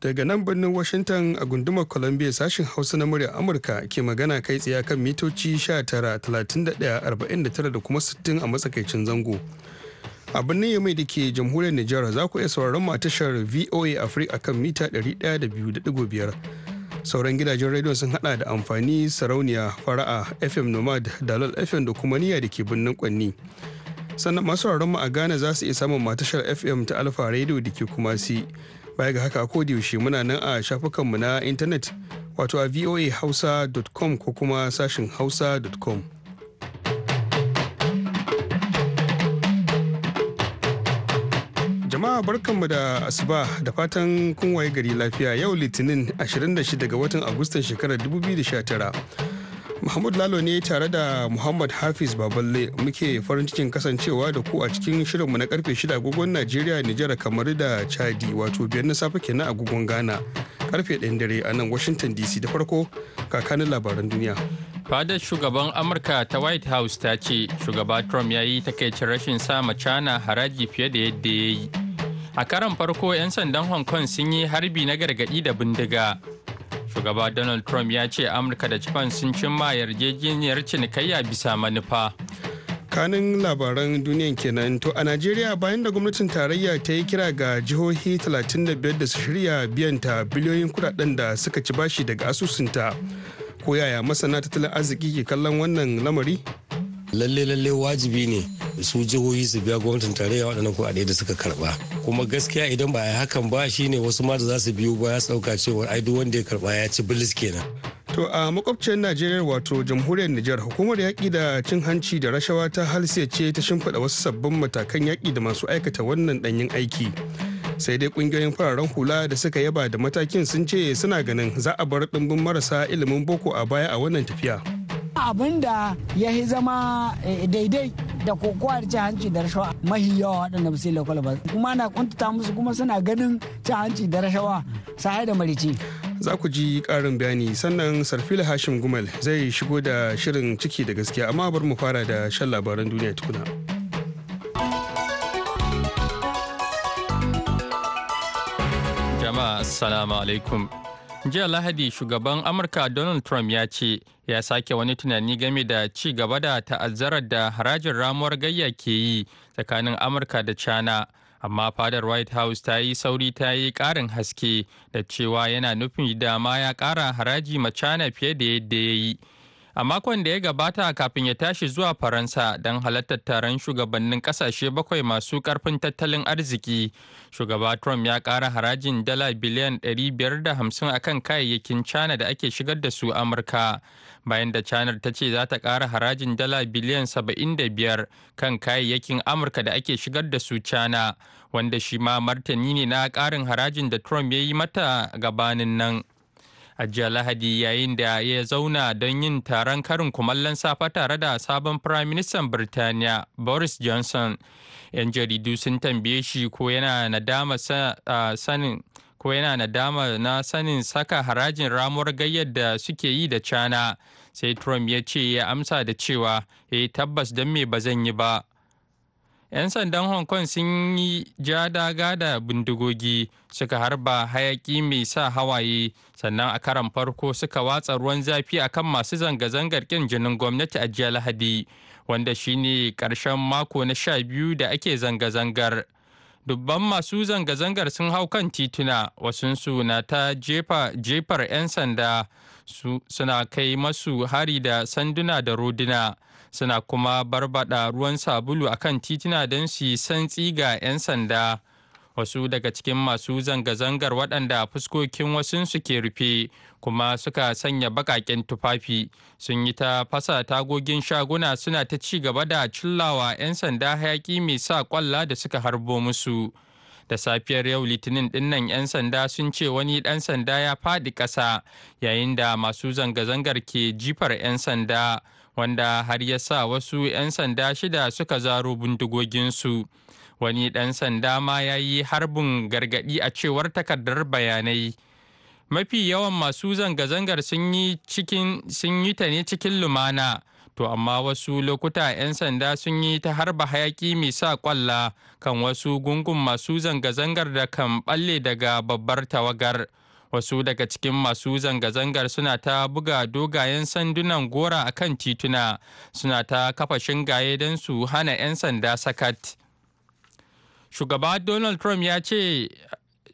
daga nan birnin washington a gundumar columbia sashin hausa na murya amurka ke magana kai tsaye kan mitoci 19,31,49 da kuma 60 a matsakaicin zango a birnin yamai da ke jamhuriyar nijar za ku iya sauraron mu a tashar voa africa kan mita 102.5 sauran gidajen rediyon sun hada da amfani sarauniya fara'a fm nomad dalal fm da kuma niyya da ke birnin kwanni sannan masu mu a ghana za su iya samun matashar fm ta alfa radio da ke kumasi baya ga haka ko yaushe muna nan a shafukanmu na intanet wato a voahausa.com ko kuma sashin hausa.com jama'a barkanmu da asuba da fatan kun waye gari lafiya yau litinin 26 ga watan agustan shekarar 2019 Mahmud Lalo ne tare da Muhammad Hafiz Baballe muke farin cikin kasancewa da ku a cikin shirinmu na karfe shida agogon Najeriya, Nijar, kamar da Chadi wato biyar na safe kenan agogon Ghana. Karfe 1 dare a nan Washington DC da farko kakanin labaran duniya. Fadar shugaban Amurka ta White House ta ce shugaba Trump ya yi takaicin rashin sa macana haraji fiye da yadda ya yi. A karan farko 'yan sandan Hong Kong sun yi harbi na gargaɗi da bindiga shugaba donald trump ya ce amurka da japan sun cimma yarjejeniyar cinikayya bisa manufa kanin labaran duniyan kenan to a najeriya bayan da gwamnatin tarayya ta yi kira ga jihohi 35 da su shirya biyanta biliyoyin kudaden da suka ci bashi daga asusunta ko yaya masana tattalin arziki ke kallon wannan lamari lalle lalle wajibi ne su jihohi su biya gwamnatin tarayya waɗannan kuɗaɗe da suka karɓa kuma gaskiya idan ba a yi hakan ba shine wasu ma da za su biyo ba sauka cewa ai wanda ya karɓa ya ci bilis kenan To a makwabciyar Najeriya wato jamhuriyar Nijar hukumar yaƙi da cin hanci da rashawa ta halsiya ce ta shimfiɗa wasu sabbin matakan yaƙi da masu aikata wannan ɗanyen aiki. Sai dai ƙungiyoyin fararen hula da suka yaba da matakin sun ce suna ganin za a bar ɗimbin marasa ilimin boko a baya a wannan tafiya. abin da ya yi zama eh, daidai da da ci hanci da rashawa mahi yawa waɗanda ba su ba kuma na kuntata musu kuma suna ganin ci hanci da rashawa sahai da marici za ku ji ƙarin bayani sannan sarfila hashim gumal zai shigo da shirin ciki da gaskiya amma bar mu fara da shan labaran duniya tukuna. jama'a assalamu alaikum jiya lahadi shugaban amurka donald trump ya ce ya sake wani tunani game da ci gaba da ta'azzarar da harajin ramuwar gayya ke yi tsakanin amurka da china amma fadar white house ta yi sauri ta yi karin haske da cewa yana nufin dama ya kara haraji ma china fiye da yadda ya yi a makon da ya gabata kafin ya tashi zuwa faransa don halartar taron shugabannin kasashe bakwai masu karfin tattalin arziki shugaba trump ya kara harajin dala biliyan 550 kan kayayyakin china da ake shigar da su amurka bayan da china ta ce za ta kara harajin dala biliyan 75 kan kayayyakin amurka da ake shigar da su china wanda shi ma martani ne na karin harajin da trump ya yi mata gabanin nan. a jiya lahadi yayin da ya zauna don yin taron karin kumallon safe tare da sabon firaministan birtaniya boris johnson yan jaridu sun tambaye shi ko yana nadama sanin ko yana nadama na sanin saka harajin ramuwar gayyar da suke yi da cana sai trump ya ce ya amsa da cewa ya eh, tabbas don me ba zan yi ba 'yan sandan hong kong sun yi ja daga da bindigogi suka harba hayaki mai sa hawaye sannan a karan farko suka watsa ruwan zafi akan masu zanga-zangar kin jinin gwamnati a jiya lahadi wanda shine karshen mako na sha biyu da ake zanga-zangar dubban masu zanga-zangar sun hau kan tituna wasunsu na ta jefar 'yan sanda suna kai masu hari da sanduna da roduna. suna kuma barbada ruwan sabulu a kan titina don su yi santsi ga 'yan sanda wasu daga cikin masu zanga-zangar waɗanda fuskokin wasunsu suke rufe kuma suka sanya baƙaƙen tufafi sun yi ta fasa tagogin shaguna suna ta ci gaba da cillawa 'yan sanda hayaƙi mai sa ƙwalla da suka harbo musu da safiyar yau litinin dinnan 'yan sanda sun ce wani ɗan sanda ya faɗi ƙasa yayin da masu zanga-zangar ke jifar 'yan sanda. wanda har ya sa wasu 'yan sanda shida suka zaro bindigoginsu wani ɗan sanda ma ya yi harbin gargaɗi a cewar takardar bayanai mafi yawan masu zanga-zangar sun yi ta ne cikin lumana to amma wasu lokuta 'yan sanda sun yi ta harba hayaki mai sa kwalla kan wasu gungun masu zanga-zangar da kan ɓalle daga babbar tawagar. wasu daga cikin masu zanga-zangar suna ta buga dogayen sandunan gora a kan tituna suna ta kafa shingaye don su hana 'yan sanda sakat shugaba donald trump ya ce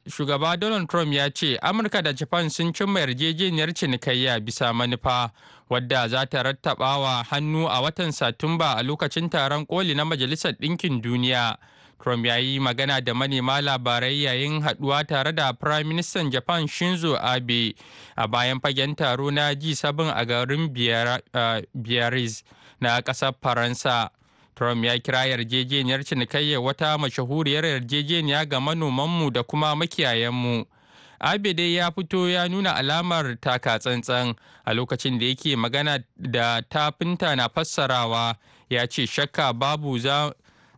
Amurka da Japan sun cimma yarjejeniyar cinikayya bisa manufa wadda za ta rattaba wa hannu a watan Satumba a lokacin taron koli na Majalisar Ɗinkin Duniya Trump ya yi magana da manema labarai yayin haduwa tare da Prime Minister Japan Shinzo Abe a bayan fagen taro na G7 a garin eh, Biarritz na kasar Faransa. Trump ya kira yarjejeniyar cinikayya wata mashahuriyar yarjejeniya ga manomanmu da kuma makiyayenmu. Abe dai ya fito ya nuna alamar taka tsantsan a lokacin da yake magana da tafinta na fassarawa ya ce shakka babu za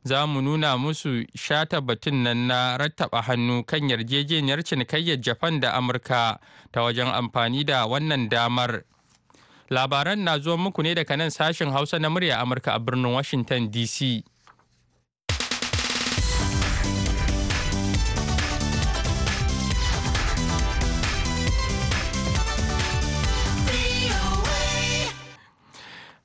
za mu nuna musu shata batun nan na rattaba hannu kan yarjejeniyar cinikayyar japan da amurka ta wajen amfani da wannan damar labaran na zuwa muku ne daga nan sashen hausa na murya amurka a birnin washington dc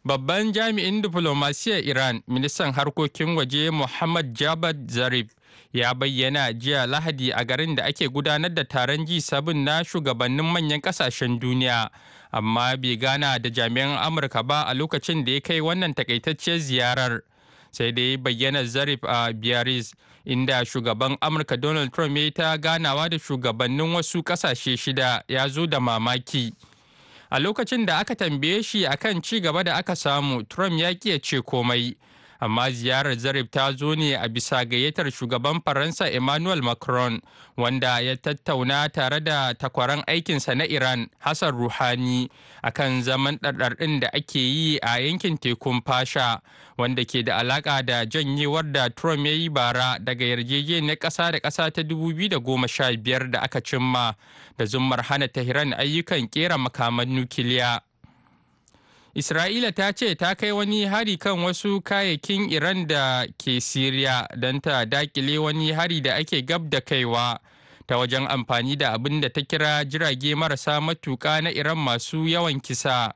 Babban jami'in diflomasiyyar Iran, ministan harkokin waje Muhammad jabad Zarif, ya bayyana jiya Lahadi a garin da ake gudanar da taron ji 7 na shugabannin manyan kasashen duniya, amma bai gana da jami'an Amurka ba a lokacin da ya kai wannan takaitacciyar ziyarar. Sai dai bayyana Zarif a biaris inda shugaban Amurka Donald Trump ya ta ganawa da shugabannin wasu kasashe shida ya zo da mamaki. a lokacin da aka tambaye shi akan ci gaba da aka samu trump ya ƙi ce komai amma ziyarar zarif ta zo ne a bisa gayyatar shugaban faransa emmanuel macron wanda ya tattauna tare da takwaran aikinsa na iran hassan ruhani akan zaman ɗarɗarɗin da ake yi a yankin tekun fasha wanda ke da alaƙa da janyewar da trump ya yi bara daga yarjejeniyar ƙasa da ƙasa ta 2015 da aka cimma da zummar hana tahiran ayyukan ƙera makaman nukiliya. Isra'ila ta ce ta kai wani hari kan wasu kayayyakin Iran da ke Siriya don ta dakile wani hari da ake gab da kaiwa ta wajen amfani da abin da ta kira jirage marasa matuƙa na Iran masu yawan kisa.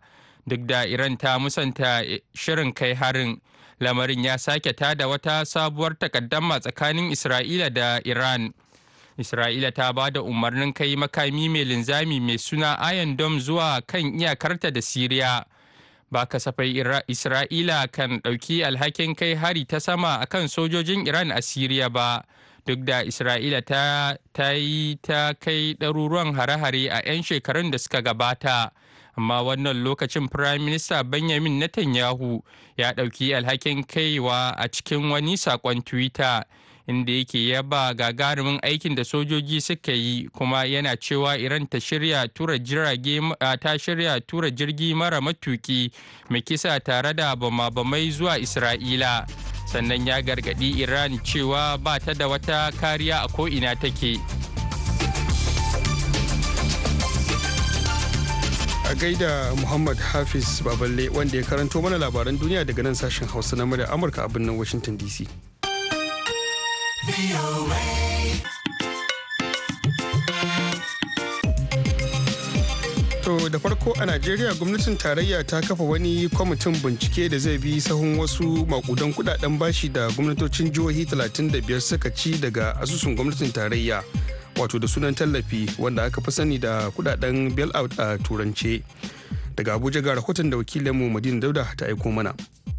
Duk da Iran ta musanta eh, shirin kai harin, lamarin ya sake tada wata sabuwar takaddama tsakanin Isra'ila da Iran. Isra'ila ta ba da umarnin kai makami mai linzami mai suna Iron Dome zuwa kan iyakarta da Siriya. ba kasafai isra'ila kan ɗauki alhakin kai hari ta sama a kan sojojin iran a siriya ba duk da isra'ila ta, ta yi ta kai ɗaruruwan hare-hare a 'yan shekarun da suka gabata amma wannan lokacin firaminista benjamin netanyahu ya ɗauki alhakin kaiwa a cikin wani saƙon twitter inda yake ya ba gagarumin aikin da sojoji suka yi kuma yana cewa iran ta shirya tura jirage ta shirya tura jirgi mara matuki mai kisa tare da bama-bamai zuwa isra'ila sannan ya gargadi iran cewa ba ta da wata kariya a ko'ina take a gaida muhammad hafiz baballe wanda ya karanto mana labaran duniya daga nan sashen hausa na murya amurka a birnin washington dc To da farko a Najeriya gwamnatin tarayya ta kafa wani kwamitin bincike da zai bi sahun wasu makudan kudaden bashi da gwamnatocin jihohi 35 suka ci daga asusun gwamnatin tarayya wato da sunan tallafi wanda aka fi sani da kudaden bailout a turance. Daga Abuja ga rahoton da wakilinmu Madina Dauda ta aiko mana.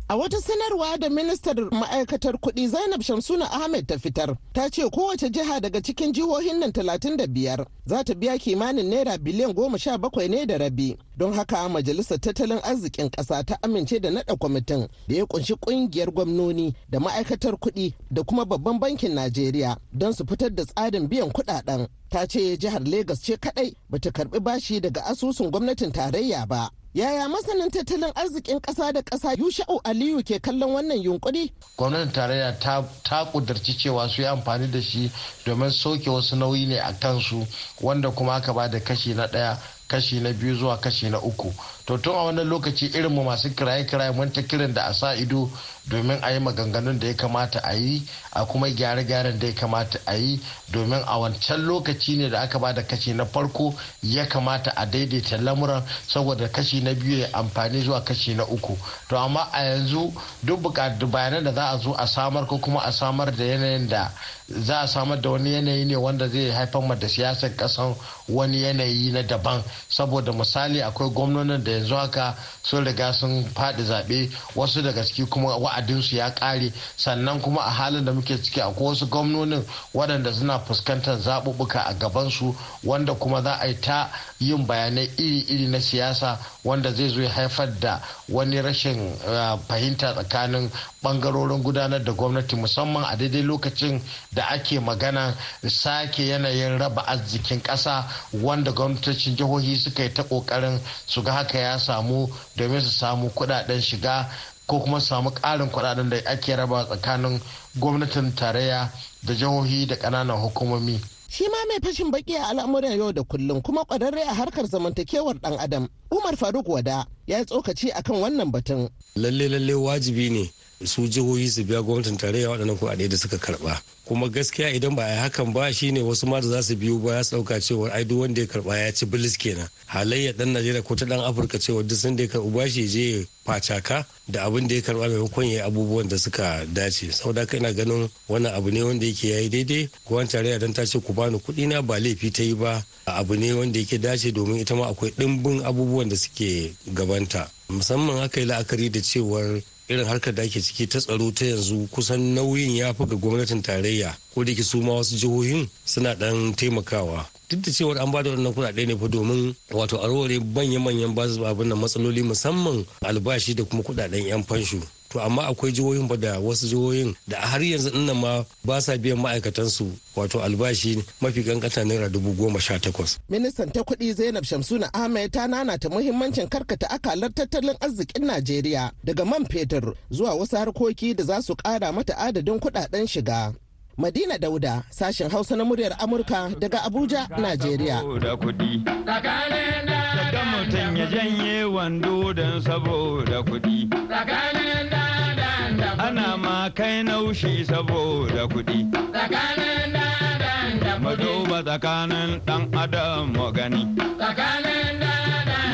A wata sanarwa da ministar ma'aikatar kuɗi Zainab Shamsuna Ahmed ta fitar, ta ce kowace jiha daga cikin jihohin nan talatin da biyar. za ta biya kimanin naira biliyan bakwai ne da rabi. Don haka majalisar tattalin arzikin ƙasa ta amince da naɗa kwamitin da ya kunshi ƙungiyar gwamnoni da ma'aikatar kuɗi da kuma babban bankin Najeriya don su fitar da tsarin biyan kuɗaɗen. Ta ce jihar Legas ce kaɗai bata karɓi bashi daga asusun gwamnatin tarayya ba. Yaya masanin tattalin arzikin ƙasa da ƙasa Yusha'u Aliyu ke kallon wannan yunkuri? Gwamnatin tarayya ta kudurci cewa su yi amfani da shi domin soke wasu nauyi ne a kansu wanda kuma aka ba da kashi na ɗaya kashi na biyu zuwa kashi na uku to tun a wannan lokaci irin mu masu kiraye kiraye mun ta kiran da a sa ido domin a yi maganganun da ya kamata a yi a kuma gyare-gyaren da ya kamata a yi domin a wancan lokaci ne da aka bada kashi na farko ya kamata a daidaita lamuran saboda kashi na biyu ya amfani zuwa kashi na uku to amma a yanzu duk bukatu bayanan da za a zo a samar ko kuma a samar da yanayin da za a samar da wani yanayi ne wanda zai haifar ma da siyasar kasan wani yanayi na daban saboda misali akwai gwamnonin da yanzu haka sun riga sun faɗi zaɓe wasu da gaske kuma wa'adinsu ya kare sannan kuma a halin da muke ciki a wasu gwamnonin waɗanda suna fuskantar zaɓuɓɓuka a gabansu wanda kuma za a yi ta yin bayanai iri-iri na siyasa wanda zai zo haifar da wani rashin eh, fahimta tsakanin ɓangarorin gudanar da gwamnati musamman a daidai lokacin da ake magana sake yanayin raba arzikin ƙasa wanda gwamnatocin jihohi suka yi ta ƙoƙarin su ga haka ya samu domin su samu kuɗaɗen shiga ko kuma samu ƙarin kuɗaɗen da ake raba tsakanin gwamnatin tarayya da jihohi da ƙananan hukumomi. Shi ma mai fashin baki a al'amuran yau da kullum kuma ƙwararre a harkar zamantakewar ɗan adam. Umar Faruk Wada ya yi tsokaci akan wannan batun. Lalle lalle wajibi ne su jihohi su biya gwamnatin tarayya waɗannan kuɗaɗe da suka karɓa kuma gaskiya idan ba a yi hakan ba shi ne wasu ma da za su biyo ba ya sauka cewa ai duk wanda ya karɓa ya ci bilis kenan halayya dan najeriya ko ta dan afirka cewa duk sun da ya karɓi bashi je facaka da abin da ya karɓa maimakon ya abubuwan da suka dace saboda haka ina ganin wannan abu ne wanda yake yi daidai gwamnatin tarayya dan ta ce ku bani kuɗi na ba laifi ta yi ba abu ne wanda yake dace domin ita ma akwai ɗimbin abubuwan da suke gabanta musamman aka yi la'akari da cewar irin harkar da ake ciki ta tsaro ta yanzu kusan nauyin ya fi ga gwamnatin tarayya ko da ke su wasu jihohin suna dan taimakawa duk da cewar an ba da wannan kuɗaɗe ne fa domin wato a manyan manyan basu abin nan matsaloli musamman albashi da kuma kuɗaɗen yan fanshu to amma akwai jihohin ba da wasu jihohin da har yanzu nan ma ba sa biyan ma'aikatansu wato albashi mafi kankanta naira dubu goma sha takwas. ministan ta kuɗi zainab shamsuna ahmed ta nanata muhimmancin karkata akalar tattalin arzikin najeriya daga man fetur zuwa wasu harkoki da za su ƙara mata adadin kuɗaɗen shiga. Madina Dauda, sashen Hausa na muryar Amurka daga Abuja, Najeriya. Da kuɗi. ana ma kai naushi saboda kuɗi. Tsakanin dan adam tsakanin dan adam mu gani. Tsakanin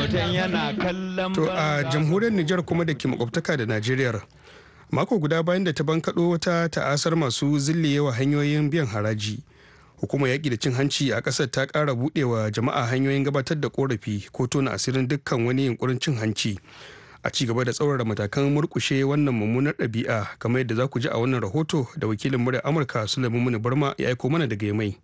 Mutum yana kallon To a jamhuriyar Nijar kuma da ke makwabtaka da Najeriya. Mako guda bayan da ta bankaɗo wata ta'asar masu zillewa hanyoyin biyan haraji. hukumar yaƙi da cin hanci a ƙasar ta ƙara buɗewa jama'a hanyoyin gabatar da ƙorafi ko tona asirin dukkan wani yunkurin cin hanci a ci gaba da tsaurara matakan murkushe wannan mummunar ɗabi'a kamar yadda za ku ji a wannan rahoto da wakilin murya amurka sulaiman barma ya aiko mana daga yamai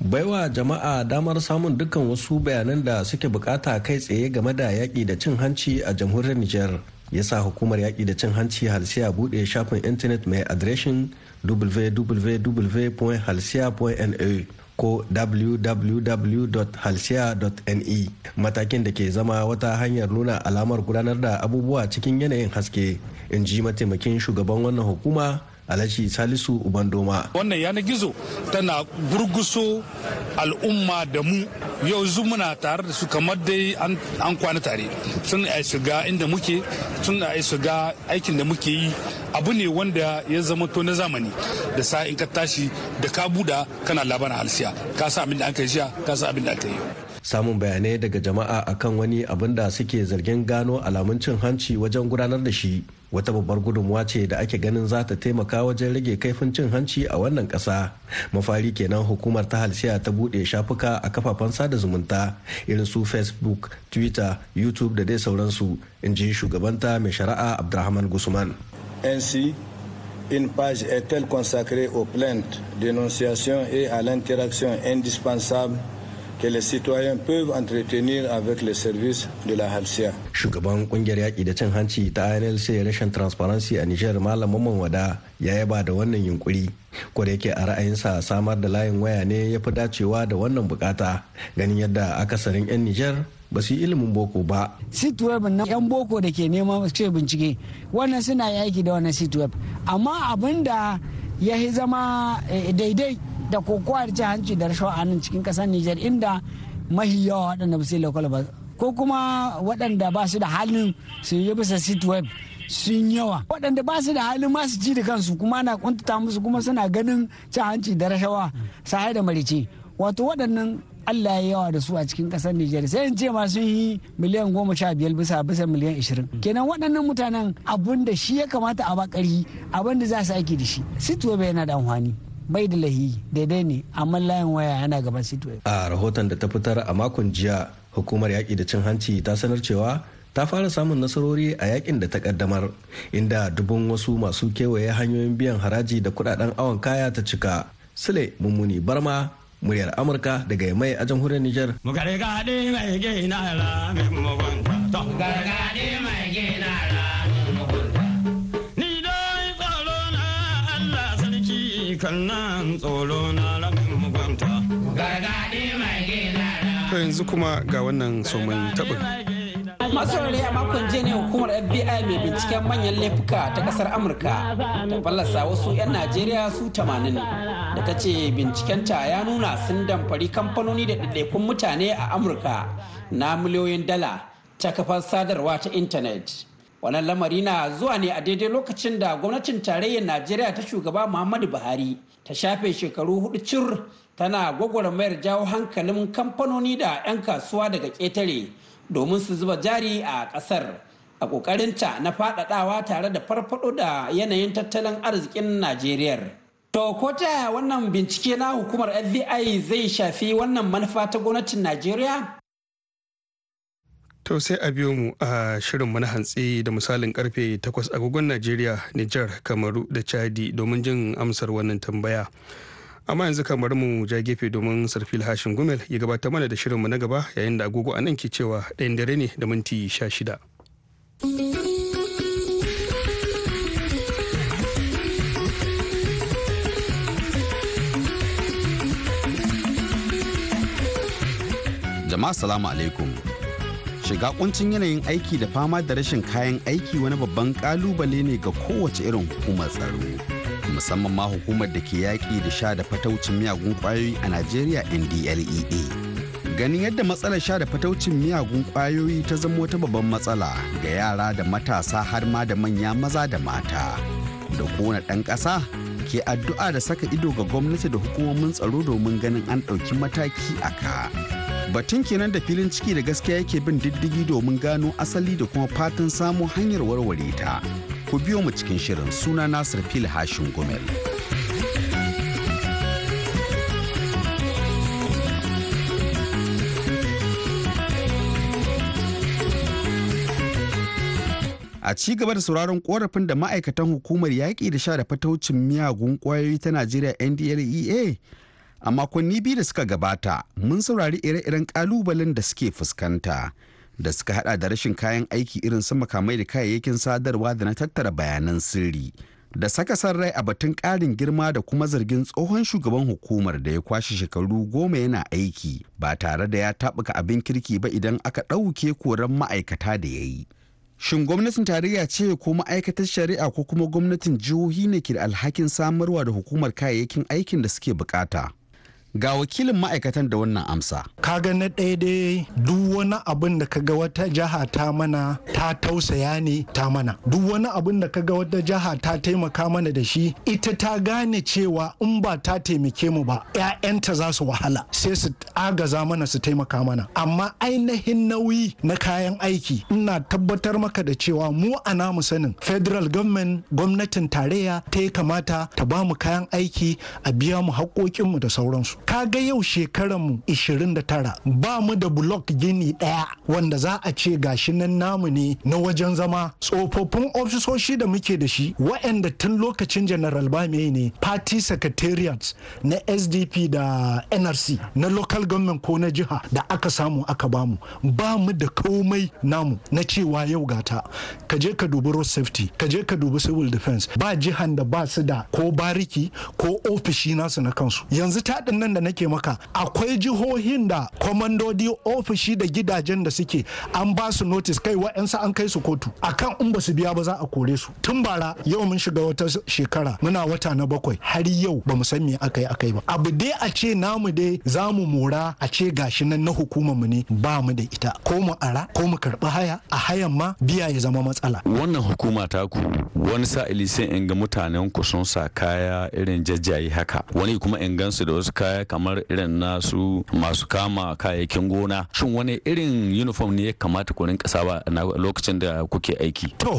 baiwa jama'a damar samun dukkan wasu bayanan da suke bukata kai tsaye game da yaƙi da cin hanci a jamhuriyar niger ya sa hukumar yaƙi da cin hanci halsiya buɗe shafin intanet mai adireshin www.halsiya.na ko www.halshiya.ne matakin da ke zama wata hanyar nuna alamar gudanar da abubuwa cikin yanayin haske in ji mataimakin shugaban wannan hukuma alhaji salisu ubandoma wannan yanar gizo tana gurguso al'umma da mu yau zu muna tare da su kamar dai an kwana tare sun a shiga inda muke sun a shiga aikin da muke yi abu ne wanda ya zama to na zamani da sa in ka tashi da ka buda kana labarin halsiya ka sa abin da aka yi ka sa abin da aka yi samun bayanai daga jama'a akan wani abin da suke zargin gano alamun cin hanci wajen gudanar da shi wata babbar gudunmuwa ce da ake ganin za ta taimaka wajen rage kaifin cin hanci a wannan ƙasa mafari kenan hukumar ta halsiya ta buɗe shafuka a kafafen sada zumunta irin su facebook twitter youtube da dai sauransu in ji shugabanta mai shari'a abdulrahman gusman ainsi in page est-elle consacrée au plaintes dénonciations et à l'interaction indispensable que les citoyens peuvent entretenir avec les services de la Halsia. Shugaban kungiyar yaki da cin hanci ta INLC rashin transparency a niger Malam Mamman Wada ya yaba da wannan yunkuri. Ko da yake a ra'ayinsa samar da layin waya ne ya fi dacewa da wannan bukata ganin yadda akasarin 'yan niger ba su yi ilimin boko ba. Sitweb na 'yan boko da ke neman ce bincike wannan suna yaki da wannan sitweb amma abin da ya zama eh, daidai da kokowar ci hanci da rashawa a nan cikin kasar Nijar inda mahi yawa waɗanda ba su yi lokal ba ko kuma waɗanda ba su da halin su yi bisa sit web sun yawa waɗanda ba su da halin masu ji ci da kansu kuma na kuntata musu kuma suna ganin ci hanci da rashawa sahai da marice wato waɗannan Allah ya yawa da su a cikin kasar Nijar sai in ce ma sun yi miliyan goma sha biyar bisa bisa miliyan ishirin. Kenan waɗannan mutanen abun da shi ya kamata a bakari abin da za su aiki da shi. Situwa bai yana da amfani. bai da lahi daidai ne amma layin waya yana gaban sito a rahoton da ta fitar a makon jiya hukumar yaƙi da cin hanci ta sanar cewa ta fara samun nasarori a yakin da ta kaddamar inda dubun wasu masu kewaye hanyoyin biyan haraji da kudaden awon kaya ta cika sule mummuni barma muryar amurka daga mai a jamhuriyar niger gargaɗi mai gina mai mai gina kannan tsoro na lamin mugunta. Gargaɗi mai gina ta yanzu kuma ga wannan somin taɓin. masaurari a makon jiya ne hukumar fbi mai binciken manyan laifuka ta kasar amurka ta fallasa wasu 'yan najeriya su 80 da ta ce bincikenta ya nuna sun damfari kamfanoni da ɗaiɗaikun mutane a amurka na miliyoyin dala ta kafar sadarwa ta intanet wannan lamari na zuwa ne a daidai lokacin da gwamnatin tarayyar najeriya ta shugaba muhammadu buhari ta shafe shekaru hudu cir tana gwagwarmayar jawo hankalin kamfanoni da 'yan kasuwa daga ƙetare domin su zuba jari a ƙasar a ƙoƙarinta na faɗaɗawa tare da farfaɗo da yanayin tattalin arzikin najeriya to ko ta wannan bincike na hukumar fbi zai shafi wannan manufa ta gwamnatin najeriya To sai a biyo mu a shirin na hantsi da misalin karfe 8 agogon Najeriya, Nijar, Kamaru da Chadi domin jin amsar wannan tambaya. Amma yanzu kamar mu ja gefe domin sarfil hashin gumel ya gabata mana da shirinmu na gaba yayin da agogo a nan ke cewa ɗayan dare ne da minti shida. jama'a salamu alaikum shiga kuncin yanayin aiki da fama da rashin kayan aiki wani babban kalubale ne ga kowace irin hukumar tsaro musamman ma hukumar da ke yaƙi da sha da fataucin miyagun ƙwayoyi a najeriya ndlea ganin yadda matsalar sha da fataucin miyagun ƙwayoyi ta zama wata babban matsala ga yara da matasa har ma da manya maza da mata da kowane ɗan ƙasa ke addu'a da saka ido ga gwamnati da hukumomin tsaro domin ganin an ɗauki mataki a ka. batun kenan da filin ciki da gaskiya yake bin diddigi domin gano asali da kuma fatan samun hanyar warware ta ku biyo mu cikin shirin suna nasir fil hashin gomel a ci gaba da sauraron korafin da ma'aikatan hukumar yaƙi da sha da fataucin miyagun ƙwayoyi ta najeriya ndlea a makonni biyu da suka gabata mun saurari ire-iren kalubalen da suke fuskanta da suka hada da rashin kayan aiki irin su makamai da kayayyakin sadarwa da na tattara bayanan sirri da saka san rai a batun karin girma da kuma zargin tsohon shugaban hukumar da ya kwashe shekaru goma yana aiki ba tare da ya tabuka abin kirki ba idan aka ɗauke koran ma'aikata da ya yi Shin gwamnatin tarayya ce ko ma'aikatar shari'a ko kuma gwamnatin jihohi ne ke da alhakin samarwa da hukumar kayayyakin aikin da suke bukata? ga wakilin ma'aikatan da wannan amsa. Kaga na ɗaya dai duk wani abin da kaga wata jaha ta mana ta tausaya ne ta mana. Duk wani abin da ka ga wata jaha ta taimaka mana da shi ita ta gane cewa in ba ta taimake mu ba 'ya'yanta za su wahala sai su agaza mana su taimaka mana. Amma ainihin nauyi na kayan aiki ina tabbatar maka da cewa mu a namu sanin federal government gwamnatin tarayya ta ya kamata ta ba mu kayan aiki a biya mu haƙoƙinmu da sauransu. kaga yau shekaranmu 29 ba mu da block gini ɗaya wanda za a ce gashi nan namu ne na wajen zama tsofaffin ofisoshi da muke da shi waɗanda tun lokacin general mai ne party secretariat na sdp da nrc na local government ko na jiha da aka samu aka bamu ba mu da komai namu na cewa yau gata ka je ka dubi road safety ka je ka dubi civil defense ba jihan da ba su da ko bariki ko ofishi nasu na kansu yanzu ta maganan da nake maka akwai jihohin da kwamandodi ofishi da gidajen da suke an ba su notice kai wa'yansu an kai su kotu akan in ba su biya ba za a kore su tun bara yau mun shiga wata shekara muna wata na bakwai har yau ba mu san me akai akai ba abu dai a ce namu dai za mu mora a ce gashi nan na hukumar mu ne ba mu da ita ko mu ara ko mu karbi haya a hayan ma biya ya zama matsala wannan hukuma ta ku wani sa'ili sai in ga mutanen ku sun sa kaya irin jajjayi haka wani kuma in gansu da wasu kaya kaya kamar irin nasu masu kama kayayyakin gona shin wani irin uniform ne ya kamata ku rinka saba lokacin da kuke aiki to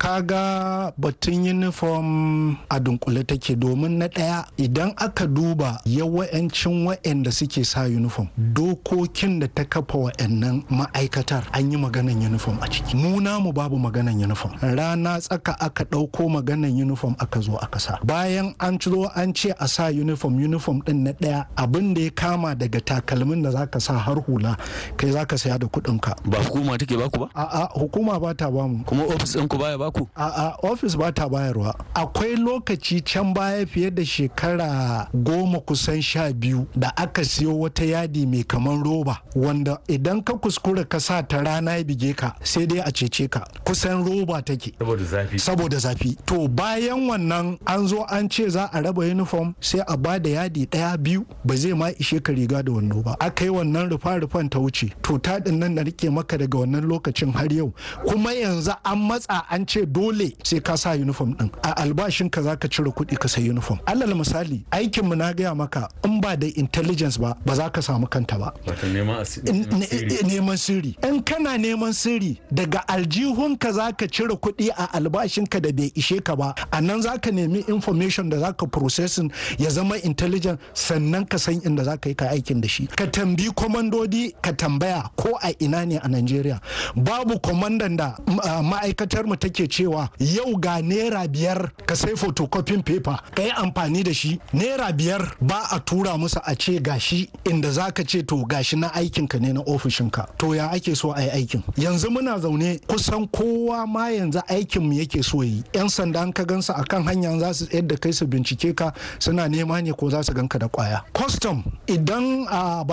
kaga batun uniform a dunkule take domin na ɗaya idan aka duba yawancin wa'anda suke sa uniform dokokin da ta kafa wa'annan ma'aikatar an yi maganan uniform a ciki muna mu babu maganan uniform rana tsaka aka ɗauko maganan uniform aka zo aka sa bayan an ciro an ce a sa uniform uniform ɗin na ɗaya abin da ya kama daga takalmin da zaka sa har hula kai zaka saya da kuɗin ka ba hukuma take baku ba a'a hukuma ba ta bamu kuma ofis ɗin ku baya ba A a'a ofis ba ta bayarwa akwai lokaci can baya fiye da shekara goma kusan sha biyu da aka siyo wata yadi mai kamar roba wanda idan ka kuskura ka sa ta rana ya bige ka sai dai a cece ka kusan roba take saboda zafi Saboda zafi. to bayan wannan an zo an ce za a raba uniform sai a ba da yadi ɗaya biyu ba zai ma ishe ka riga da wando ba aka yi wannan rufa-rufan ta wuce to ta nan da rike maka daga wannan lokacin har yau kuma yanzu an matsa an ce ce dole sai ka sa uniform din a albashin ka zaka cire kuɗi ka sai uniform alal misali aikin mu na gaya maka in ba da intelligence ba ba za ka samu kanta ba eh, neman sirri in kana neman sirri daga aljihun ka zaka cire kuɗi a albashin ka da bai ishe ka ba a nan zaka nemi information da zaka processing ya zama intelligent sannan ka san inda zaka yi ka aikin da shi ka tambi komandodi ka tambaya ko a ina ne a Najeriya babu komandan da ma'aikatar mu take cewa yau ga naira biyar ka sai photocopying paper ka yi amfani da shi naira biyar ba a tura musu a ce gashi inda za ka ce to gashi na aikinka ne na ofishinka to ya ake so a yi aikin yanzu muna zaune kusan kowa ma yanzu aikin mu yake so yi yan sanda an ka gansa kan hanya za su yadda kai su bincike ka suna nema ne ko za su ganka da kwaya custom idan a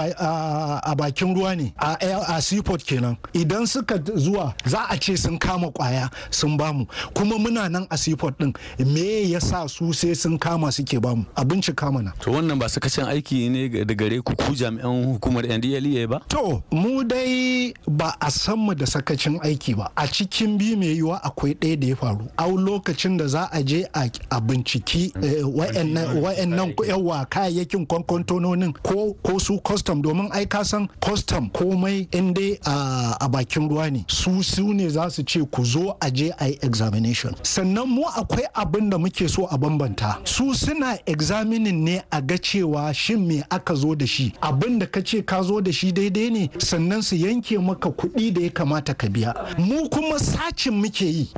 bakin ruwa ne a seaport kenan idan suka zuwa za a ce sun kama kwaya sun ba bamu kuma muna nan a seaport din me yasa su sai sun kama suke bamu a kama na. to wannan ba sakacin aiki ne da gare ku ku jami'an hukumar NDLEA ba to mu dai ba a san mu da sakacin aiki ba a cikin bi mai yiwa akwai ɗaya da ya faru au lokacin da za a je a binciki hmm. eh, wa'annan yawa kayayyakin kwankwantononin ko su custom domin ai ka san custom komai in dai ah, a bakin ruwa ne su su ne za su ce ku zo a je a yi. examination sannan mu akwai abin da muke so a bambanta su suna examining ne a ga cewa shin me aka zo da shi abin da ka ce ka zo da shi daidai ne sannan su yanke maka kuɗi da ya kamata ka biya mu kuma sacin muke yi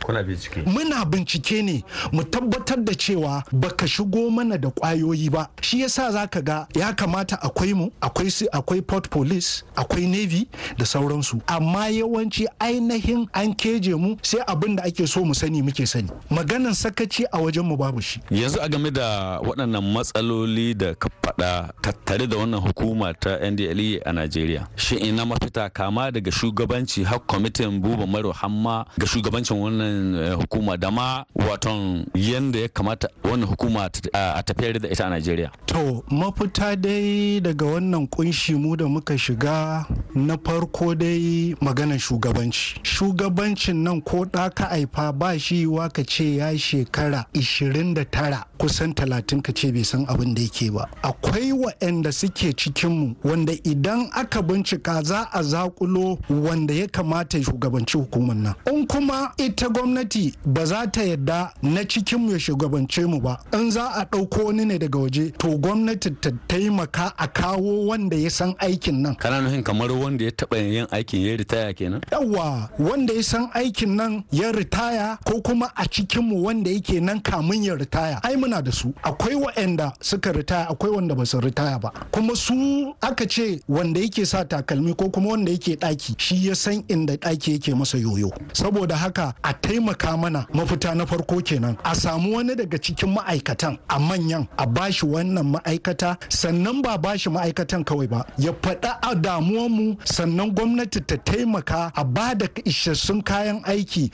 muna bincike ne mu tabbatar da cewa baka shigo mana da ƙwayoyi ba shi yasa za ka ga ya kamata akwai mu akwai su akwai port police akwai navy da sauransu amma yawanci ainihin an keje mu sai abin da ake muke so mu sani muke sani maganan sakaci a wajen mu babu shi yanzu a game da waɗannan matsaloli da ka faɗa tattare da wannan hukuma ta NDLEA a Najeriya shi ina mafita kama daga shugabanci har kwamitin buba maro hamma ga shugabancin wannan eh, hukuma da ma waton yanda ya kamata wannan hukuma a tafiyar da ita a Najeriya to mafita dai daga wannan kunshi mu da muka shiga na farko dai maganar shugabanci shugabancin nan ko ɗaka ka aifa ba shi yiwa ka ce ya shekara 29 kusan 30 ka ce bai san abin da yake ba akwai waɗanda suke cikinmu wanda idan aka bincika za a zakulo wanda ya kamata ya shugabanci hukumar nan in kuma ita gwamnati ba za ta yadda na cikinmu ya shugabance mu ba in za a ɗauko wani ne daga waje to gwamnati ta taimaka a kawo wanda ya san aikin nan kananan kamar wanda ya taba yin aikin ya ritaya kenan yawa wanda ya san aikin nan ya ritaya ko kuma a cikinmu mu wanda yake nan kamun ya ritaya ai muna da su akwai waɗanda suka ritaya akwai wanda ba su ritaya ba kuma su aka ce wanda yake sa takalmi ko kuma wanda yake ɗaki shi ya san inda ɗaki yake masa yoyo saboda haka a taimaka mana mafita na farko kenan a samu wani daga cikin ma'aikatan a manyan a bashi wannan ma'aikata sannan ba bashi ma'aikatan kawai ba ya faɗa a mu. sannan gwamnati ta taimaka a ba da isassun kayan aiki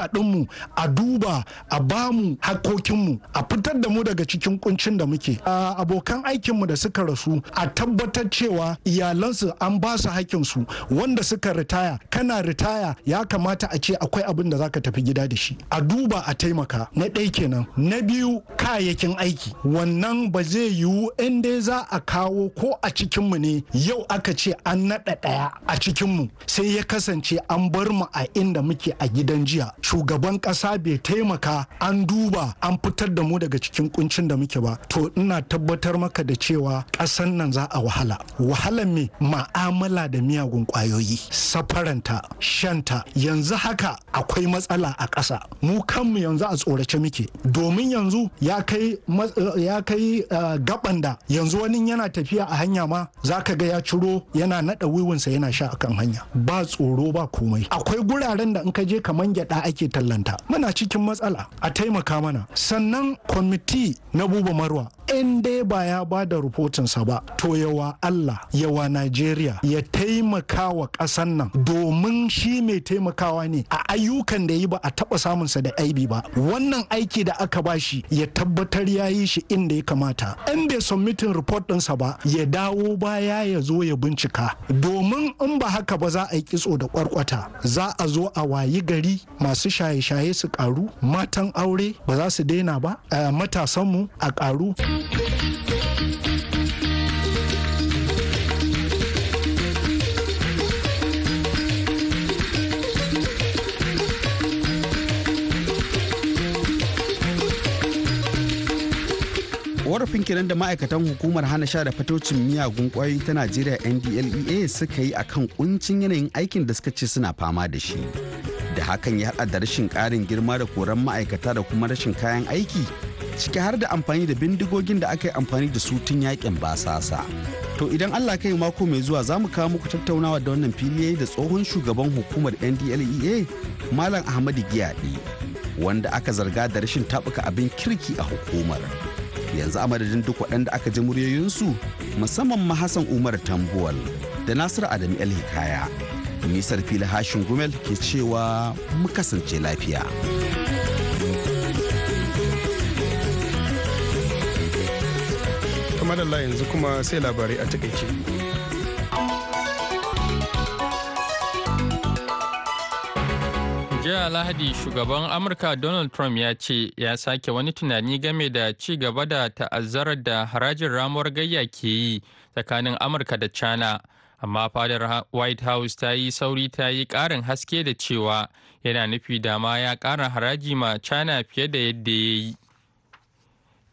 a ɗinmu a duba a ba mu hakokinmu a fitar da mu daga cikin kuncin da muke a abokan aikinmu da suka rasu a tabbatar cewa iyalansu an ba su hakinsu wanda suka ritaya kana ritaya ya kamata a ce akwai abin da zaka tafi gida da shi a duba a taimaka na ɗaya kenan na biyu kayayyakin aiki wannan ba zai yiwu in dai za a kawo ko a cikinmu ne yau aka ce an naɗa ɗaya a cikinmu sai ya kasance an bar mu a inda muke a gidan jiya shugaban ƙasa bai taimaka an duba an fitar da mu daga cikin kuncin da muke ba to ina tabbatar maka da cewa ƙasan nan za a wahala wahalan me ma'amala da miyagun ƙwayoyi safaranta shanta yanzu haka akwai matsala a ƙasa mu kanmu yanzu a tsorace muke domin yanzu ya kai ya kai eh, gaban da yanzu wani yana tafiya a hanya ma za ka ga ya ciro yana naɗa wiwinsa yana sha akan hanya ba tsoro ba komai akwai guraren da in ka je kaman gyaɗa ake tallanta muna cikin matsala a taimaka mana sannan kwamiti na buba marwa in dai ba ya ba da rufotinsa ba to yawa allah yawa najeriya ya taimaka wa ƙasan nan domin shi mai taimakawa ne a ayyukan da yi ba a taɓa samunsa da aibi ba wannan aiki da aka ba shi ya tabbatar ya yi shi inda ya kamata in bai submitin report ɗinsa ba ya dawo baya ya zo ya bincika domin in ba haka ba za a yi kitso da kwarkwata za a zo a wayi gari masu shaye-shaye su karu matan aure ba za su daina ba eh, matasanmu a karu korafin kiran da ma'aikatan hukumar hana sha da fatocin miyagun kwayoyi ta najeriya ndlea suka yi akan kuncin yanayin aikin da suka ce suna fama da shi da hakan ya haɗa da rashin ƙarin girma da koran ma'aikata da kuma rashin kayan aiki ciki har da amfani da bindigogin da aka yi amfani da su tun yakin basasa to idan allah kai mako mai zuwa za mu kawo muku tattaunawa da wannan fili da tsohon shugaban hukumar ndlea malam ahmadu giyadi wanda aka zarga da rashin taɓuka abin kirki a hukumar yanzu a madadin duk waɗanda aka ji muryoyinsu musamman ma Hassan Umar Tambuwal da Nasiru Adamu El Hikaya. Nisar fili hashin gumel ke cewa mu kasance lafiya. Kamar yanzu kuma sai labarai a takaice. jiya lahadi shugaban amurka donald trump ya ce ya sake wani tunani game da ci gaba da ta'azzarar da harajin ramuwar gayya ke yi tsakanin amurka da china amma fadar white house ta yi sauri ta yi karin haske da cewa yana nufi da ma ya kara haraji ma china fiye da yadda ya yi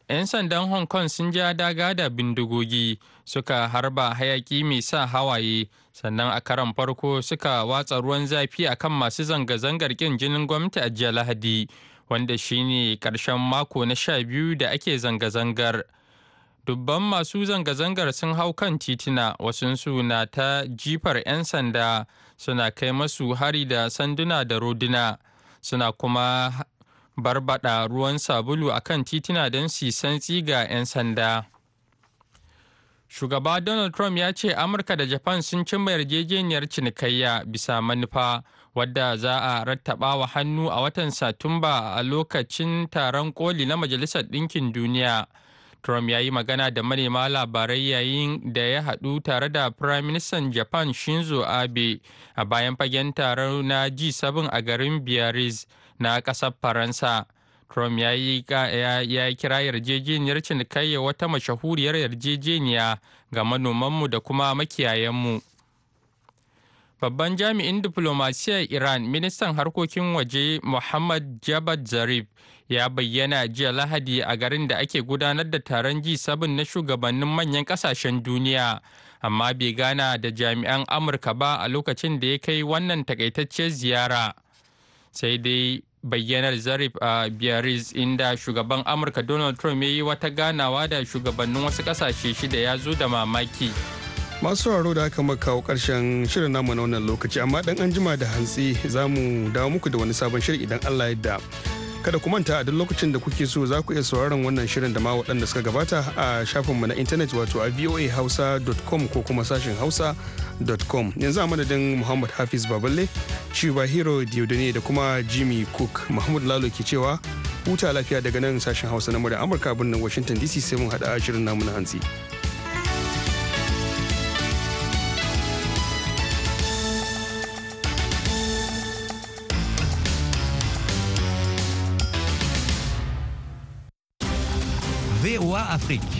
'yan sandan hong kong sun ja daga da bindigogi suka harba hayaki mai sa hawaye sannan a karan farko suka watsa ruwan zafi a kan masu zanga-zangar kin jinin gwamnati a jiya lahadi wanda shine ƙarshen mako na sha biyu da ake zanga-zangar dubban masu zanga-zangar sun hau kan titina wasunsu na ta jifar 'yan sanda suna kai masu hari da sanduna da roduna suna kuma barbada ruwan sabulu akan titina don su santsi ga 'yan sanda shugaba donald trump ya ce amurka da japan sun cimma yarjejeniyar cinikayya bisa manufa wadda za a rattaba wa hannu a watan satumba a lokacin taron koli na majalisar ɗinkin duniya trump ya yi magana da manema labarai yayin da ya haɗu tare da prime minister japan shinzo abe a bayan fagen taron na g7 a garin biarritz na ƙasar faransa Trump ya yi kira yarjejeniyar cinikayya wata mashahuriyar yarjejeniya ga manomanmu da kuma makiyayenmu. Babban jami'in diplomasiya Iran, ministan harkokin waje Muhammad jabad Zarif ya bayyana jiya Lahadi a garin da ake gudanar da taron ji sabon na shugabannin manyan kasashen duniya. Amma bai gana da jami'an Amurka ba a lokacin da ya kai wannan takaitaccen ziyara. Sai dai bayyanar zarif a uh, biarritz inda shugaban amurka donald trump ya yi wata ganawa da shugabannin wasu kasashe shida ya zo da mamaki masu sauraro da aka kawo karshen shirin namu na wannan lokaci amma dan anjima da hantsi za mu dawo muku da wani sabon shirin idan allah ya da kada ku manta a duk lokacin da kuke so za ku iya sauraron wannan shirin da ma waɗanda suka gabata a shafinmu na intanet wato a voahausa.com ko kuma sashin hausa.com yanzu a madadin muhammad hafiz baballe shiba hero diodone da kuma jimmy cook mahmud lalo ke cewa huta lafiya daga nan sashin hausa na murya amurka birnin washington dc sai mun haɗa shirin namu na hantsi. Afrique.